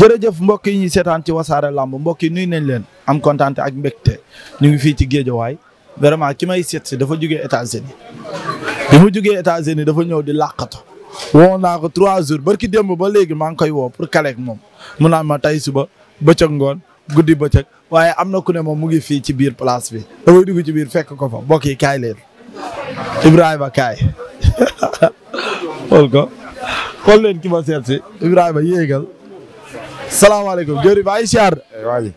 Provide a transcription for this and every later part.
jërëjëf mbokk yi ñuy seetaan ci wasaare lamb mbokk yi nuyu nañ leen am kontaan ak mbégte ñu ngi fii ci géejawaay vraiment ki may seet si dafa jugee États-Unis bi mu jugee États-Unis dafa ñëw di làqatu woo naa ko trois jours barki démb ba léegi maa ngi koy woo pour kalek moom mu naan ma tey suba bëccëg ngoon guddi bëccëg waaye am na ku ne moom mu ngi fii ci biir place bi dafay dugg ci biir fekk ko fo mbokk kaay leen Ibrahima kaay xool ko xool leen ki ma seet si yéegal salaamaaleykum jëri bàyyi siyaar waaji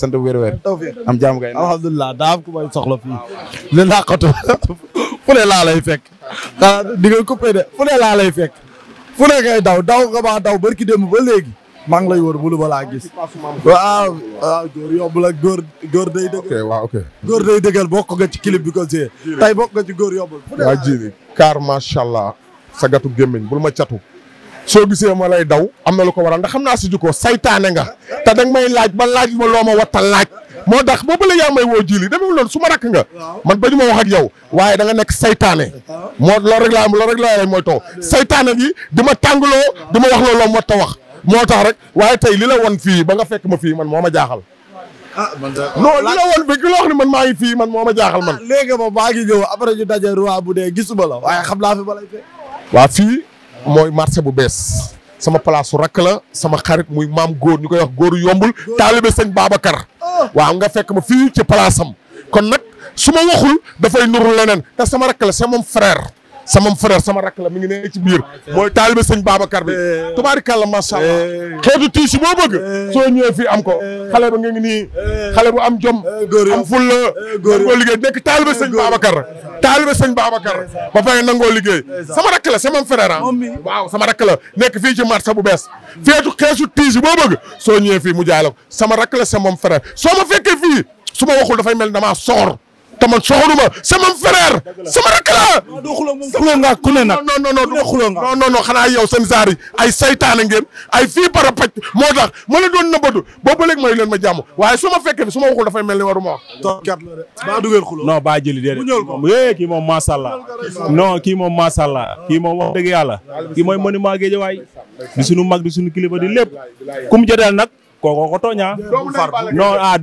sant bu wér am jàmm kay alhamdulilah daa ku may soxla fii li làqatu fu ne laa lay fekk xanaa ah, di nga coupé de fu ne laa lay fekk fu ne daw daw nga maa daw barki démb ba léegi maa ngi lay wër bulu ba laa gis waaw waaw góor yomb day dëggal waaw ok góor day dëggal bokk nga ci clip bi ko see tey bokk nga ci góor yomb waaw ji kaar macha allah sa gatu gémmiñ bul ma catu soo gisee ma lay daw am na lu ko waral ndax xam naa si jikko seytaane nga te danga may laaj ba laaj ma loo ma watta laaj moo tax boobu la yaa may woo jili demewul loolu su ma rakk nga man ba ñu ma wax ak yow waaye da nga nekk seytaane moo loolu rek laa loolu rek laa mooy taw saytaane gi di ma tàngaloo di ma wax loolu moo ta wax moo tax rek waaye tey li la won fii ba nga fekk ma fii man moo ma jaaxal ah man de non li la woon fekk loo xam ne man maa ngi fii man moo ma jaaxal man ah, léegi moom maa ngi ñëw après ñu bu dee gisuma xam naa fi ma waa fii mooy marché bu bees sama place su rakk la sama xarit muy maam góor ñu koy wax góoru yombul taalibe sëñ Babacar waaw nga fekk ma fii ci place kon nag su ma waxul dafay nuru leneen te sama rakk la c'est mon frère sama frère sama rakk la mi ngi ne ci biir mooy taalibe sëñ Babacar bi eh. tubaarikàlla macha allah eh. xeetu tiisi boo bëgg eh. soo ñëwee fii am ko xale ba nga xale bu am jom am fulla nangoo nekk taalibe sëñ Babacar taalibe sëñ Babacar ba pare nangoo liggéey sama rakk sama frère ah sama rakk nekk fii ci marché bu bees feetu xeetu tiisi boo soo ñëwee fii mu jaay la sama rakk la sama frère soo ma fekkee fii su ma waxul dafay mel damaa soor te man soxoruma sama frère sama rakk la. xuloo nga ku ne nag non non non non non xanaa yow seen saar yi ay saytaane ay fii para moo tax ma la doon nëbbatu boobu ba ma may leen ma jàmm waaye su ma fekkee fi su ma waxul dafay mel ni waruma wax. baa duggeel xuloo non baa jëli déedéet yee kii moom macha allah non kii moom maa allah kii moom wax dëgg yàlla kii mooy monument Guédiawaye di sunu mag di sunu kilifa di lépp kum joteel nag kooko ko tooñaa. non ah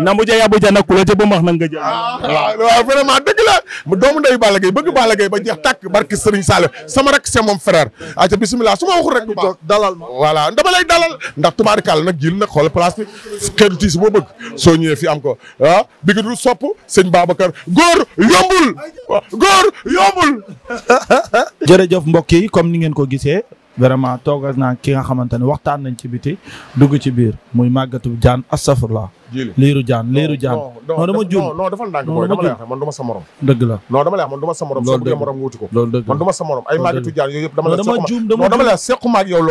na mu jëy Abuja nag ku ba max na a jël. Ah. Ah, waaw vraiment dëgg la doomu ndeyu Balla Gaye bëgg Balla Gaye ba jeex tàkk barki Serigne Saliou sama rek c'est mon frère. ayca ah, bisimilah su ma waxul rek. dalal ma voilà dama lay dalal ndax tubaarkàlla nag jil nag xool place bi kenn tiis boo bëgg soo ñëwee fi am ko ah bi nga dul sopp sëñ Babacar góor yombul. góor yombul. jërëjëf mbokk yi comme ni ngeen ko gisee. vraiment toogal naa ki nga xamante ne waxtaan nañ ci biti dugg ci biir muy màggatu jaan astafurlah. liiru jaan liiru dama juum non dafa la non dama man du ma morom. loolu dëgg morom jaan yooyu yëpp dama la sequma oh,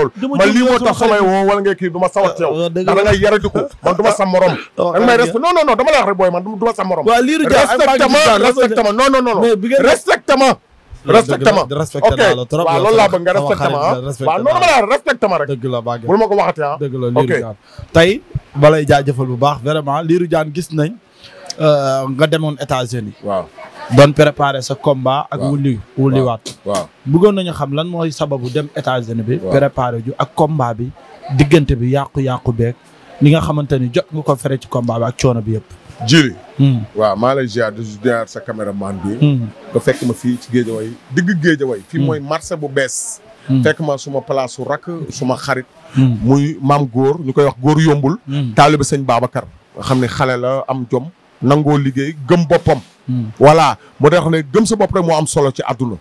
dama la da ngay yaradiku man du ma sa morom. da ngay respect booy man du ma morom. liiru jaan ay màggatu jaan respectement non non non respecté ma ok waaw loolu laa bëgg nga respecté ma ah waaw noonu ma laa respecté ma rek. dëgg la baa bul ma ko waxatee ah. dëgg la Lirou Diane tey balay jaajëfal bu baax vraiment Lirou Diane gis nañ euh, nga demoon États-Unis waaw doon préparer sa combat ak wulli wulliwaat waaw bëggoon nañu xam lan mooy sababu dem États-Unis bi préparer ju ak combat bi diggante bi yàqu-yàqu beeg li nga xamante ni jot nga ko fere ci combat bi ak coono bi yëpp jili hmm. waaw maa lay ziar di ziar sa caméraman bi hmm. fekk ma fii ci géejaway digg géejaway fii hmm. mooy marché bu bees fekk ma suma place su rakk suma xarit muy maam góor ñu koy wax góor yombul taaliba sëñ Babacar nga xam ne xale la am jom nangoo liggéey gëm boppam voilà moo tax ne gëm sa bopp rek moo am solo ci àdduna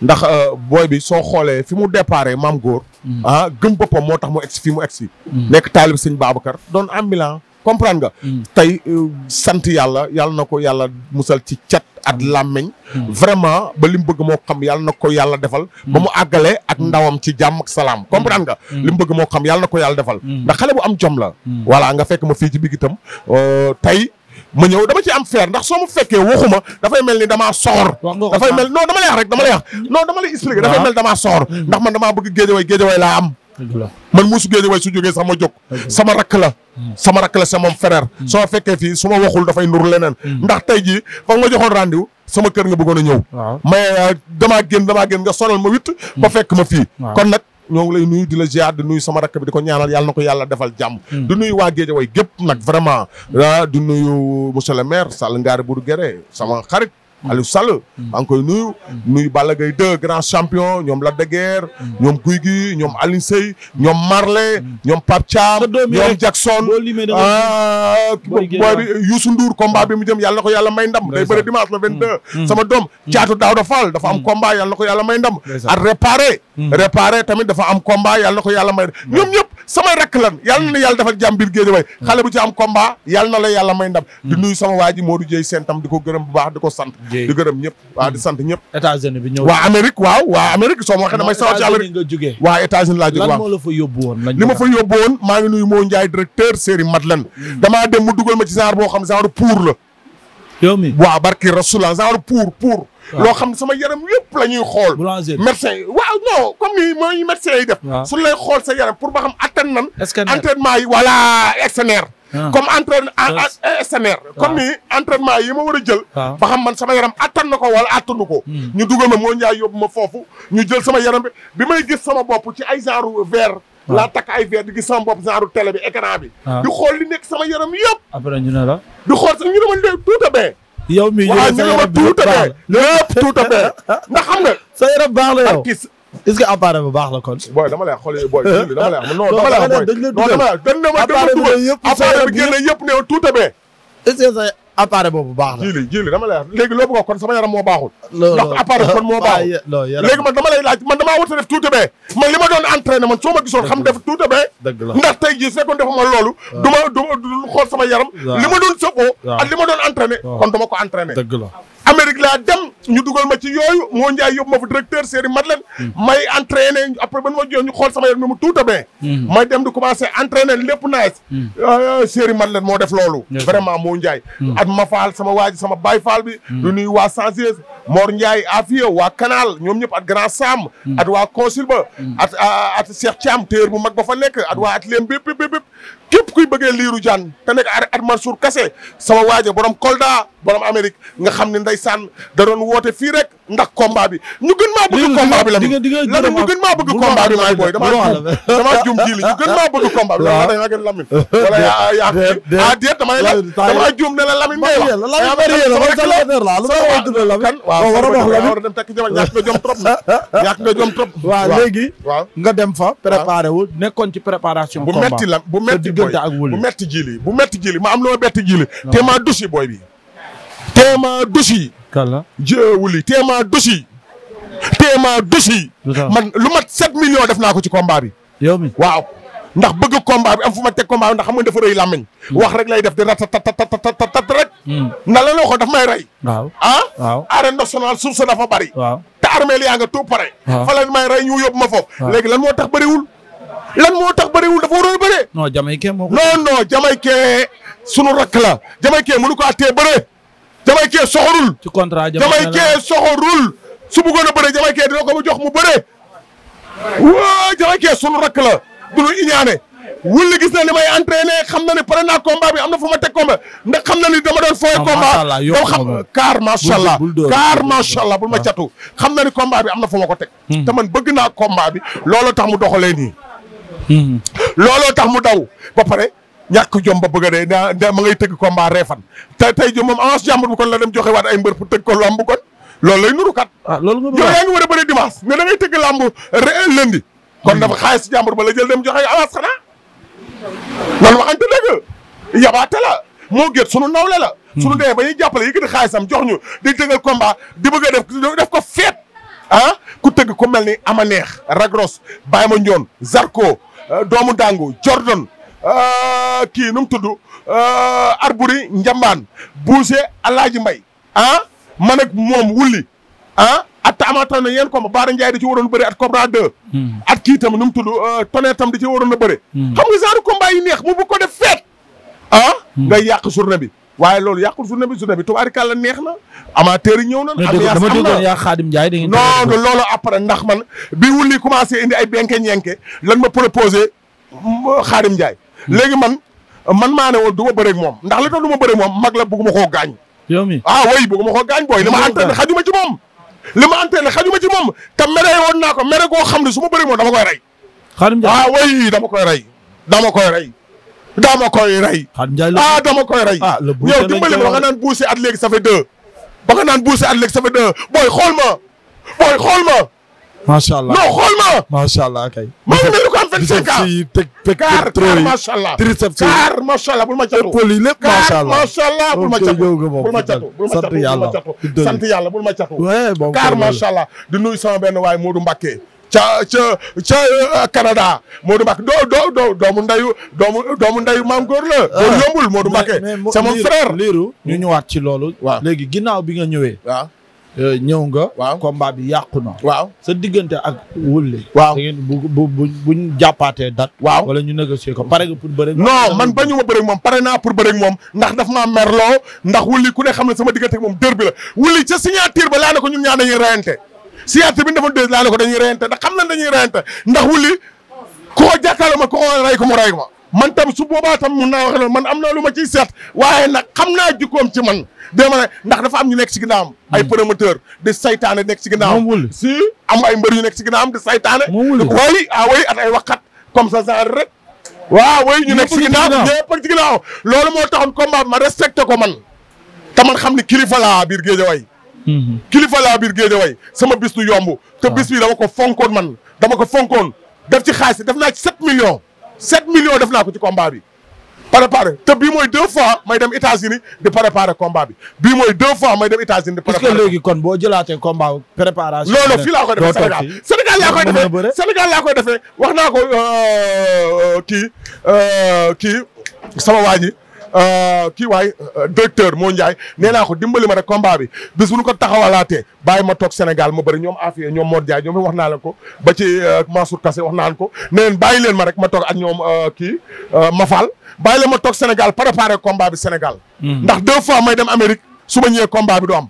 ndax euh, booy bi soo xoolee fi mu déparé maam góor ah gëm boppam moo tax mu egsi fi mu egsi nekk taaliba sëñ Babacar doon ambulant comprendre nga. Mm. tey euh, sant yàlla yàlla na ko yàlla musal ci cat ak làmmeñ mm. vraiment ba li mu bëgg moo xam yàlla na ko yàlla defal. ba mu mm. àggale ak ndawam ci jàmm ak salaam comprendre li mu bëgg moo xam yàlla ko yàlla defal. ndax xale bu am jom la. voilà nga fekk ma fii ci biir itam euh, tey. ma ñëw dama ci am feer ndax soo mu fekkee waxuma dafay mel ni dama lay wax rek dama lay wax non dama lay ah. damaa soxor ndax ma damaa bëgg géejawaay géejawaay laa am man muusu géej way su jógee sax ma jóg sama rakk la sama rakk la hmm. sama frère hmm. soo fekkee fii su ma waxul dafay nur leneen hmm. ndax tey jii fa ma joxoon rendez-vous sama kër nga bëggoon a ñëw mais euh, damaa génn damaa génn nga sonal ma witt ba fekk ma fii kon nag ñoo ngi lay nuyu di la ziar di nuyu sama rakk bi di ko ñaanal yàlla na ko yàlla defal jàmm di nuyu waa géej way gépp nag vraiment ah, di nuyu monsieur le maire Sall Ngaari Bourguéré sama xarit Mm. Aliou Sall. Mm. maa ngi koy nuyu. Mm. nuyu Balla Gaye 2 grand champion ñoom Lac de Guiers. ñoom Gouye Gui ñoom Alioune Seye ñoom Marley. ñoom Pape Thiam ñoom Jackson. ah nduur Youssou bi mu jëm yàlla na ko yàlla may ndam. day bëri dimanche le 22. sama doom Thiatou da Fall dafa am combat yàlla na ko yàlla may ndam. at réparé. tamit dafa am combat yàlla na ko yàlla may ñoom ñëpp. samay rakk lan yàlla na yàlla defal jàmm biir géej way xale bu ci am combat yàlla na la yàlla may ndam hmm. di nuyu sama waa ji Modou Dieye seen tam di ko gërëm bu baax di ko sant di gërëm ñëpp waaw di sant ñëpp États-Unis bi ñëw waa Amérique waaw waa Amérique soo ma waxee damay sawar ci Amérique nga jógee waa États-Unis laa jóge waaw lan woon li ma fa yóbbu woon maa ngi nuyu moo Ndiaye directeur série Madeleine hmm. damaa dem mu dugal ma ci genre boo xam genre pour la yow mi waaw barki rasulallah genre pour pour loo xam sama yaram yëpp la ñuy xool médecin waaw non comme ni mooy médecin yi def suñ lay xool sa yaram pour ba xam attan nan entraînement yi voilà externeur ah. comme entraîne externeur comme ni entraînement yi ma war a jël ba xam man sama yaram attan na ko wala attanu ko hmm. ñu dugal ma moo ñaay yóbbu ma foofu ñu jël sama yaram bi bi may gis sama bopp ci ay genre verre laa takk ay verre di gis sama bopp genre télé bi écran bi di xool li nekk sama yaram yëpp après ñu ne la di xool sa ñu ne ma lee tout yow mi waaw ñu ngi ma tout à fait lépp tout à fait ndax xam nga. sa yaram baax la yow baax la kon. booy dama lay xool booy dama lay wax non dama lay wax booy non dama lay wax. appareil bi yëpp appareil bi génne yëpp ne tout à fait. est-ce que sa appareil boobu baax na jili jili dama lay wax léegi loo bëgg kon sama yaram moo baaxul ndax appareil kon moo baaxul léegi dama lay laaj man damaa a def tuuti bee man li ma doon entraîné man soo ma gisoon xam def tuuti bee ndax tey jii fekkoon defuma loolu du ma du sama yaram li ma doon sëqoo ak li ma doon entraîné kon dama ko entraîné la Amérique la dem ñu dugal ma ci yooyu moo njaay yóbbu ma fa directeur série Madeleine hmm. may entraîné après ba nu ma jox ñu xool sama yaram ni mu tuuta bee hmm. may dem di commencé entraîné lépp naa hmm. euh, euh, série Madeleine moo def loolu vraiment moo njaay at ma sama waa ji sama baay faal bi lu nuy waa changeuse Mor Ndiaye Afia waa kanaal ñoom ñëpp at Grand Sam at waa consul ba at at euh, Cheikh Thiam téer bu mag ba fa nekk at waa at leen bépp bépp képp kuy bëggee liiru jaan te nekk at Mansour Kassé sama waaje borom Kolda borom Amérique nga xam ne ndeysaan da doon woote fii rek ndax combat bi ñu gën maa bëgg combat bi la lan ñu gën maa bëgg combat bi maay booy dama dama juum ji li ñu gën maa bëgg combat bi la dama gën Lamine wala yaa yaa ah déet dama la dama juum ne la Lamine ngay wax yaa bari la sama secrétaire la lu ma wax dina la waaw war a wax Lamine war a dem takk jabar ñàkk nga jom trop ñàkk nga jom trop waaw léegi nga dem fa préparé wu nekkoon ci préparation combat bu metti la metti booy bu metti jili bu metti jili ma am lu ma betti jili téemaa dusi booy bi téemaa dusi kala jëwuli téemaa dusi téemaa dusi man lu mat sept millions def naa ko ci combat bi yow mi waaw ndax bëgg combat bi am fu ma teg combat bi ndax xam nga dafa rëy làmmiñ hmm. wax rek lay def di ratatatatat rek hmm. na la loo ko daf may rey waaw ah waaw arène nationale suuf sa dafa bari waaw te armée li yaa nga tout pare fa la may rey ñu yóbbu ma foofu léegi lan moo tax bëriwul lan moo tax bëriwul dafa waroon a bëree. non Jamaïcain moo ko. non non Jamaïcain sunu rakk la Jamaïcain mënu ko àttee bëree. ke soxorul. ci contrat Jamaïcain soxorul. su bëggoon a bëree Jamaïcain dina ko mu jox mu bëree. waa Jamaïcain sunu rakk la du ñu iñaane. wulli gis na li may entraîné xam na ni pare na combat bi am na fu ma teg combat ndax xam na ni dama doon fooye combat dama xam kaar macha allah kaar macha allah bul ma ah. catu xam na ni komba bi am na fu ma ko teg hmm. te bëgg naa komba bi loolu tax mu doxalee nii looloo tax mu daw ba pare ñàkk jom ba bëgg a dee naa ma ngay tëgg combat reefan te tey jii moom avance jàmbur bu kon la dem joxe waat ay mbër pour tëgg ko lamb kon loolu lay nuru kat. ah loolu nga yow ngi war a bëri dimanche nga da tëgg lamb lundi. kon dafa xaalis jàmbur ba la jël dem joxe avance xanaa. loolu waxante dëgg yabaate la moo gét sunu nawle la. sunu hmm. demee ba ñuy jàppale yëkkati xaalisam jox ñu di tëggal combat di bëgg a def def ko feet ah ku tëgg ku mel ni ama neex ragros Baye Ma Ndione Zarko Euh, doomu dàngu Jordan euh, kii nu mu tudd euh, Arbouri Njambaan Buuse Alaaji Mbay ah man ak moom wulli ah at amaatoon na yéen combat Baara Ndiaye di ci waroon bëri at Cobra 2. Hmm. at kii tam nu mu tudd Tonnerre tam di ci waroon a bëri. Hmm. xam nga genre combat yi neex mu bu ko def feet. ah hmm. nga yàq journée bi. waaye loolu yàqul journée bi journée bi tubaarikàlla neex na amateur yi ñëw nañ. ambiance am na yaa Xaadim Njaay da ngeen non non loolu après ndax man bi wulli commencé indi ay benke ñenke lan ma proposé Xaadim Njaay hmm. léegi man man maa ne woon du ma bëreeg moom ndax la tax du ma bëreeg moom mag la bëgguma koo gaañ. yow mi ah oui bëgguma koo gaañ booy li ma entraîné ma ci moom. li ma entraîné ma ci moom te mere woon naa ko mere koo xam ne su ma bëreeg moom dama koy rey. Xaadim Njaay ah oui dama koy rey dama koy rey dama koy rey. ah dama koy rey. ah le nga naan buusi at léegi ça fait ba nga naan buusi at léegi ça fait deux booy xool ma. booy xool ma. allah kay. maa ngi mel ni ko am 25 ans yi car macha allah bul ma catu. poli lépp macha allah macha allah bul ma catu bul ma bul ma catu sant yàlla allah di nuyu sama benn waay Modou Mbacké. ca ca ca euh, Canada Modou Mbacké doo doo doo doomu ndeyu doomu doomu ndeyu maam góor la. Ah. loolu yombul Modou Mbacké. c'est mon frère liiru ñu ñëwaat ci loolu. waaw léegi ginnaaw bi nga ñëwee. waaw. Euh, ñëw nga. waaw combat bi yàqu na. waaw sa diggante ak Wouly. waaw bu bu bu buñ jàppaatee date. waaw wala ñu négocier ko pare nga pour bëre. non man bañu ma moom pare naa pour bëre moom ndax daf ma merloo ndax Wouly ku ne xam ne sama diggante moom dër bi la Wouly ca signature ba laa ne ko ñu ñaa dañuy reyante. siyaate bi ñu defoon deux laa la ko dañuy reyante ndax xam nañ dañuy reyante ndax wuli ku ko jàkkaarloo ma ku ko rey ko mu rey ma man tam su boobaa tam mun naa wax noonu man am naa lu ma ciy seet waaye nag xam naa jikkoom ci man dé ma ne ndax dafa am ñu nekk si ginnaawam hmm. ay promoteur de saytaane nekk si ginnaawam wul si am ay mbër yu nekk si ginnaawam de saytaane way ah way at ay waxat comme ça genre rek waaw way ñu nekk si ginnaaw ñëpp ak si ginnaaw loolu moo taxoon combat ma respecté ko man te man xam ni kilifa laa biir géej way Mhm. kilifa laa biir géej way sama bis du yomb. te bis bi dama ko fonkoon man dama ko fonkoon def ci xaalis def naa ci million millions. sept millions naa ko ci combat bi. préparé te bii mooy deux fois may dem États-Unis di préparer combat bi bii mooy deux fois may dem États-Unis di préparer. est-ce que léegi kon boo jëlaatee combat préparation. non non fii laa koy defee Sénégal laa koy defee Sénégal laa koy defee wax naa ko euh, euh, kii sama waa ji Euh, kii waay euh, directeur moo Ndiaye nee naa ko dimbali ma rek combat bi bis bu ñu ko taxawalaatee bàyyi ma toog Sénégal ma bari ñoom Afia ñoom moo Ndiaye ñoom wax naa leen ko ba ci euh, Mansour Kassé wax naan ko ne leen bàyyi leen ma rek ma toog ak ñoom kii Mafal bàyyi leen ma toog Sénégal préparé combat bi Sénégal. Hmm. ndax deux fois may dem Amérique su ma ñëwee combat bi du am.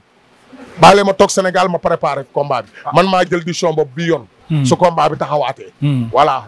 bàyyi leen ma toog Sénégal ma préparé combat ah. man maa jël décision boobu bi yoon. Hmm. su combat bi taxawaatee. Hmm. voilà